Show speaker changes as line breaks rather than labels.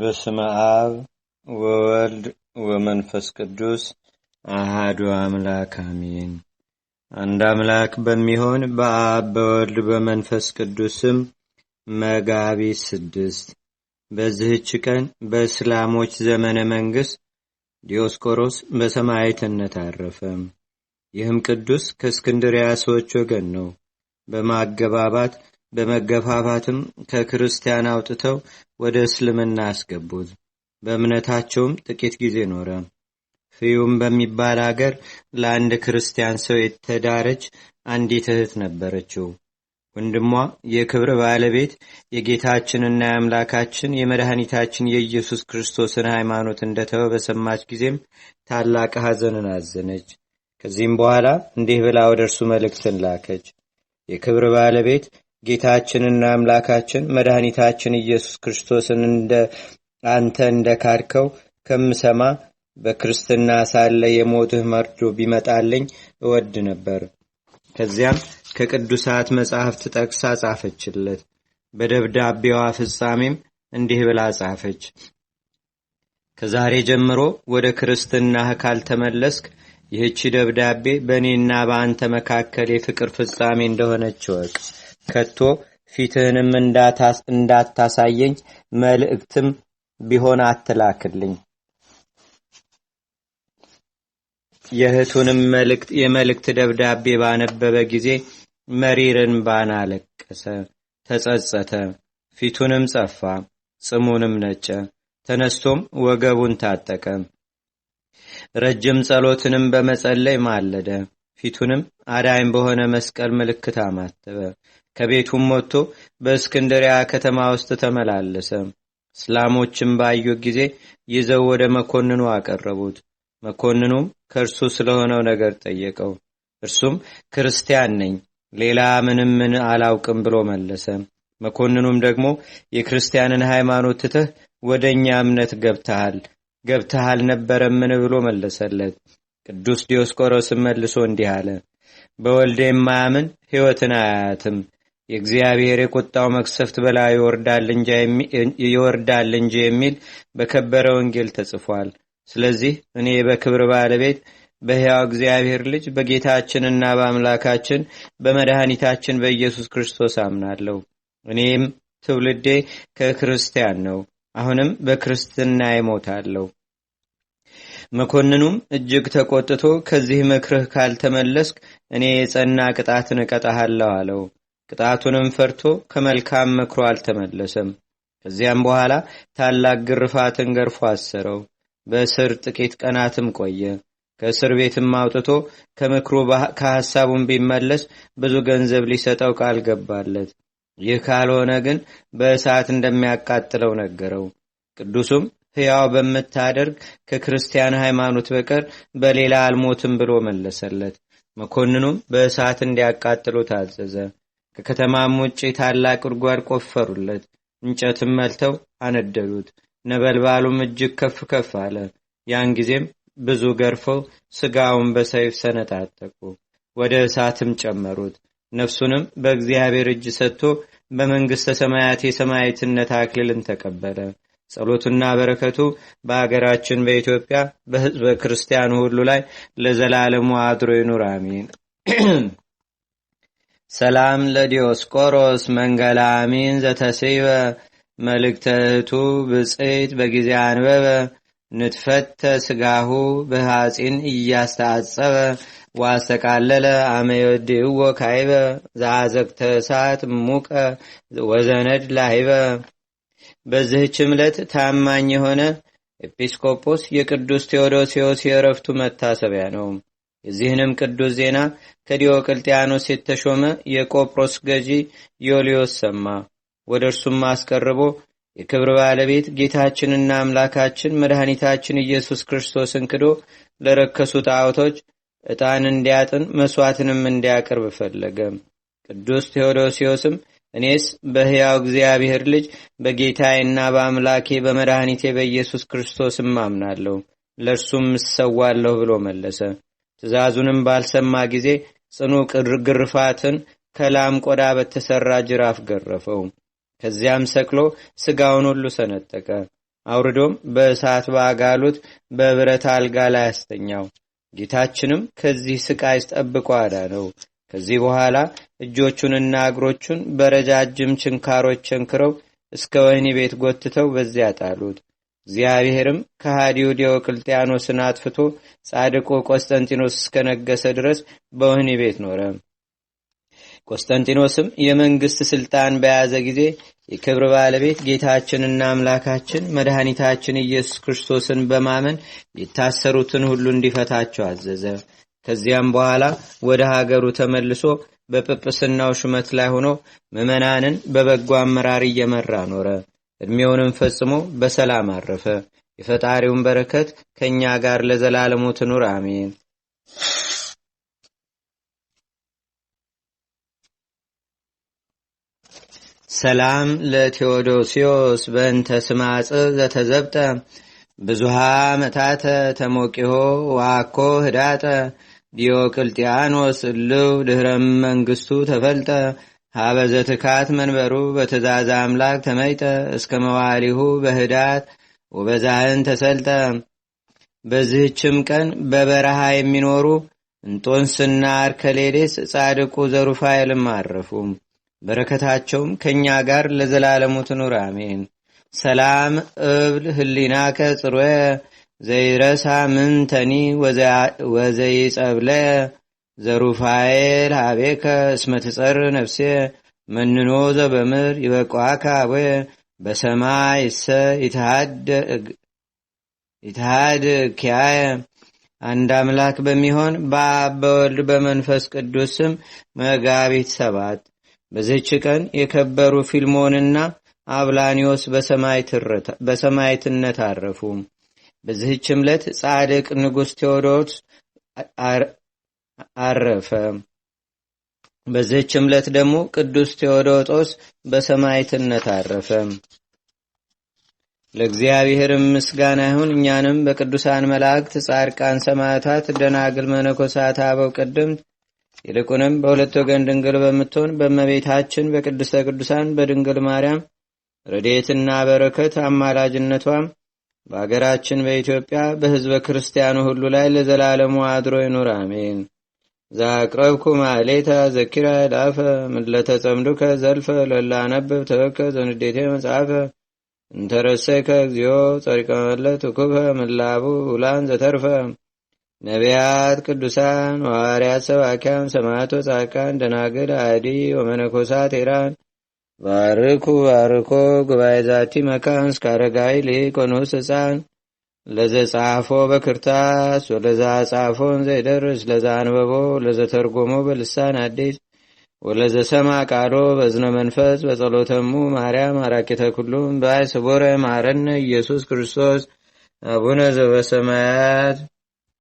በስመ አብ ወወልድ ወመንፈስ ቅዱስ አህዱ አምላክ አሜን። አንድ አምላክ በሚሆን በአብ በወልድ በመንፈስ ቅዱስም መጋቢት ስድስት በዚህች ቀን በእስላሞች ዘመነ መንግሥት ዲዮስቆሮስ በሰማዕትነት አረፈ። ይህም ቅዱስ ከእስክንድርያ ሰዎች ወገን ነው። በማገባባት በመገፋፋትም ከክርስቲያን አውጥተው ወደ እስልምና አስገቡት። በእምነታቸውም ጥቂት ጊዜ ኖረ። ፍዩም በሚባል አገር ለአንድ ክርስቲያን ሰው የተዳረች አንዲት እህት ነበረችው። ወንድሟ የክብር ባለቤት የጌታችንና የአምላካችን የመድኃኒታችን የኢየሱስ ክርስቶስን ሃይማኖት እንደተወ በሰማች ጊዜም ታላቅ ሐዘንን አዘነች። ከዚህም በኋላ እንዲህ ብላ ወደ እርሱ መልእክትን ላከች። የክብር ባለቤት ጌታችንና አምላካችን መድኃኒታችን ኢየሱስ ክርስቶስን እንደ አንተ እንደ ካድከው ከምሰማ በክርስትና ሳለ የሞትህ መርዶ ቢመጣልኝ እወድ ነበር። ከዚያም ከቅዱሳት መጻሕፍት ጠቅሳ ጻፈችለት። በደብዳቤዋ ፍጻሜም እንዲህ ብላ ጻፈች። ከዛሬ ጀምሮ ወደ ክርስትናህ ካልተመለስክ ይህቺ ደብዳቤ በእኔና በአንተ መካከል የፍቅር ፍጻሜ እንደሆነች ወቅ። ከቶ ፊትህንም እንዳታሳየኝ መልእክትም ቢሆን አትላክልኝ። የእህቱንም መልእክት የመልእክት ደብዳቤ ባነበበ ጊዜ መሪርን ባና አለቀሰ፣ ተጸጸተ፣ ፊቱንም ጸፋ፣ ጽሙንም ነጨ። ተነስቶም ወገቡን ታጠቀ፣ ረጅም ጸሎትንም በመጸለይ ማለደ። ፊቱንም አዳይም በሆነ መስቀል ምልክት አማተበ። ከቤቱም ወጥቶ በእስክንድሪያ ከተማ ውስጥ ተመላለሰ። እስላሞችም ባዩ ጊዜ ይዘው ወደ መኮንኑ አቀረቡት። መኮንኑም ከእርሱ ስለሆነው ነገር ጠየቀው። እርሱም ክርስቲያን ነኝ፣ ሌላ ምንም ምን አላውቅም ብሎ መለሰ። መኮንኑም ደግሞ የክርስቲያንን ሃይማኖት ትተህ ወደ እኛ እምነት ገብተሃል ገብተሃል ነበረምን ብሎ መለሰለት። ቅዱስ ዲዮስቆሮስም መልሶ እንዲህ አለ። በወልደ የማያምን ሕይወትን አያትም የእግዚአብሔር የቁጣው መክሰፍት በላዩ ይወርዳል እንጂ የሚል በከበረ ወንጌል ተጽፏል። ስለዚህ እኔ በክብር ባለቤት በሕያው እግዚአብሔር ልጅ በጌታችንና በአምላካችን በመድኃኒታችን በኢየሱስ ክርስቶስ አምናለሁ። እኔም ትውልዴ ከክርስቲያን ነው። አሁንም በክርስትና ይሞታለሁ። መኮንኑም እጅግ ተቆጥቶ ከዚህ ምክርህ ካልተመለስክ እኔ የጸና ቅጣትን እቀጣሃለሁ አለው። ቅጣቱንም ፈርቶ ከመልካም ምክሩ አልተመለሰም። ከዚያም በኋላ ታላቅ ግርፋትን ገርፎ አሰረው። በእስር ጥቂት ቀናትም ቆየ። ከእስር ቤትም አውጥቶ ከምክሩ ከሐሳቡን ቢመለስ ብዙ ገንዘብ ሊሰጠው ቃል ገባለት። ይህ ካልሆነ ግን በእሳት እንደሚያቃጥለው ነገረው። ቅዱሱም ሕያው በምታደርግ ከክርስቲያን ሃይማኖት በቀር በሌላ አልሞትም ብሎ መለሰለት። መኮንኑም በእሳት እንዲያቃጥሉ ታዘዘ። ከከተማም ውጭ ታላቅ ጉድጓድ ቆፈሩለት፣ እንጨትም መልተው አነደዱት። ነበልባሉም እጅግ ከፍ ከፍ አለ። ያን ጊዜም ብዙ ገርፈው ስጋውን በሰይፍ ሰነጣጠቁ፣ ወደ እሳትም ጨመሩት። ነፍሱንም በእግዚአብሔር እጅ ሰጥቶ በመንግሥተ ሰማያት የሰማዕትነት አክሊልን ተቀበለ። ጸሎቱና በረከቱ በአገራችን በኢትዮጵያ በህዝበ ክርስቲያኑ ሁሉ ላይ ለዘላለሙ አድሮ ይኑር፣ አሚን። ሰላም ለዲዮስቆሮስ መንገላ አሚን ዘተሴበ መልእክተ እህቱ በጊዜ አንበበ ንትፈተ ስጋሁ በሃፂን እያስተዓጸበ ዋስተቃለለ አመዮድእዎ ካይበ ዘአዘግተ እሳት ሙቀ ወዘነድ ላይበ በዚህች ዕለት ታማኝ የሆነ ኤጲስቆጶስ የቅዱስ ቴዎዶሲዎስ የእረፍቱ መታሰቢያ ነው። የዚህንም ቅዱስ ዜና ከዲዮቅልጥያኖስ የተሾመ የቆጵሮስ ገዢ ዮልዮስ ሰማ። ወደ እርሱም አስቀርቦ የክብር ባለቤት ጌታችንና አምላካችን መድኃኒታችን ኢየሱስ ክርስቶስን ክዶ ለረከሱ ጣዖቶች ዕጣን እንዲያጥን መሥዋዕትንም እንዲያቀርብ ፈለገ። ቅዱስ ቴዎዶሲዎስም እኔስ በሕያው እግዚአብሔር ልጅ በጌታዬና በአምላኬ በመድኃኒቴ በኢየሱስ ክርስቶስ እማምናለሁ፣ ለእርሱም እሰዋለሁ ብሎ መለሰ። ትእዛዙንም ባልሰማ ጊዜ ጽኑ ግርፋትን ከላም ቆዳ በተሠራ ጅራፍ ገረፈው። ከዚያም ሰቅሎ ሥጋውን ሁሉ ሰነጠቀ። አውርዶም በእሳት በአጋሉት በብረት አልጋ ላይ ያስተኛው ጌታችንም ከዚህ ሥቃይ ጠብቆ አዳነው። ከዚህ በኋላ እጆቹንና እግሮቹን በረጃጅም ችንካሮች ቸንክረው እስከ ወህኒ ቤት ጎትተው በዚያ ጣሉት። እግዚአብሔርም ከሃዲው ዲዮቅልጥያኖስን አጥፍቶ ጻድቁ ቆስጠንጢኖስ እስከነገሰ ድረስ በወህኒ ቤት ኖረ። ቆስጠንጢኖስም የመንግሥት ሥልጣን በያዘ ጊዜ የክብር ባለቤት ጌታችንና አምላካችን መድኃኒታችን ኢየሱስ ክርስቶስን በማመን የታሰሩትን ሁሉ እንዲፈታቸው አዘዘ። ከዚያም በኋላ ወደ ሀገሩ ተመልሶ በጵጵስናው ሹመት ላይ ሆኖ ምዕመናንን በበጎ አመራር እየመራ ኖረ። ዕድሜውንም ፈጽሞ በሰላም አረፈ። የፈጣሪውን በረከት ከእኛ ጋር ለዘላለሙ ትኑር አሜን።
ሰላም ለቴዎዶሲዮስ በእንተ ስማጽ ዘተዘብጠ ብዙሃ መታተ ተሞቂሆ ዋኮ ህዳጠ ዲዮቅልጥያኖስ እልው ድህረም መንግስቱ ተፈልጠ ሀበዘ ትካት መንበሩ በትእዛዝ አምላክ ተመይጠ እስከ መዋሊሁ በህዳት ወበዛህን ተሰልጠ በዚህችም ቀን በበረሃ የሚኖሩ እንጦንስና አርከሌዴስ ጻድቁ ዘሩፋኤልም አረፉ። በረከታቸውም ከእኛ ጋር ለዘላለሙ ትኑር አሜን። ሰላም እብል ህሊናከ ጽሩየ ዘይረሳ ምንተኒ ወዘይጸብለ ዘሩፋኤል ሃቤከ እስመ ነፍሴ መንኖ ዘበምር ይበቋካ ወይ በሰማይ ሰ ይትሃድ ኪያየ አንድ አምላክ በሚሆን በአብ በወልድ በመንፈስ ቅዱስ ስም መጋቢት ሰባት በዚህች ቀን የከበሩ ፊልሞንና አብላኒዎስ በሰማይትነት አረፉ። በዚህች ዕለት ጻድቅ ንጉሥ ቴዎዶስ አረፈ። በዚህችም ዕለት ደግሞ ቅዱስ ቴዎዶጦስ በሰማዕትነት አረፈ። ለእግዚአብሔር ምስጋና ይሁን። እኛንም በቅዱሳን መላእክት፣ ጻድቃን፣ ሰማዕታት፣ ደናግል፣ መነኮሳት፣ አበው ቀደምት ይልቁንም በሁለት ወገን ድንግል በምትሆን በእመቤታችን በቅድስተ ቅዱሳን በድንግል ማርያም ረድኤትና በረከት አማላጅነቷም በአገራችን በኢትዮጵያ በሕዝበ ክርስቲያኑ ሁሉ ላይ ለዘላለሙ አድሮ ይኑር፣ አሜን። ዛቅረብኩ ማሌታ ዘኪራ ዳፈ ምለተጸምዱከ ዘልፈ ለላ ነብብ ተወከ ዘንዴቴ መጽሐፈ እንተረሰይከ እግዚኦ ጸሪቀ መለት ኩበ ምላቡ ውላን ዘተርፈ ነቢያት ቅዱሳን ዋርያት ሰባኪያን ሰማዕቶ ጻካን ደናግል አዲ ወመነኮሳት ኢራን ባርኩ ባርኮ ጉባኤ ዛቲ መካን እስካረጋይ ሊቆኖስ ህፃን ለዘ ጻፎ በክርታስ ወለዛ ጻፎን ዘይደርስ ለዛ አንበቦ ለዘ ተርጎሞ በልሳን አዲስ ወለዘ ሰማ ቃሎ በዝነ መንፈስ በጸሎተሙ ማርያም አራቂተ ኩሉም በአይ ስቦረ ማረነ ኢየሱስ ክርስቶስ አቡነ ዘበሰማያት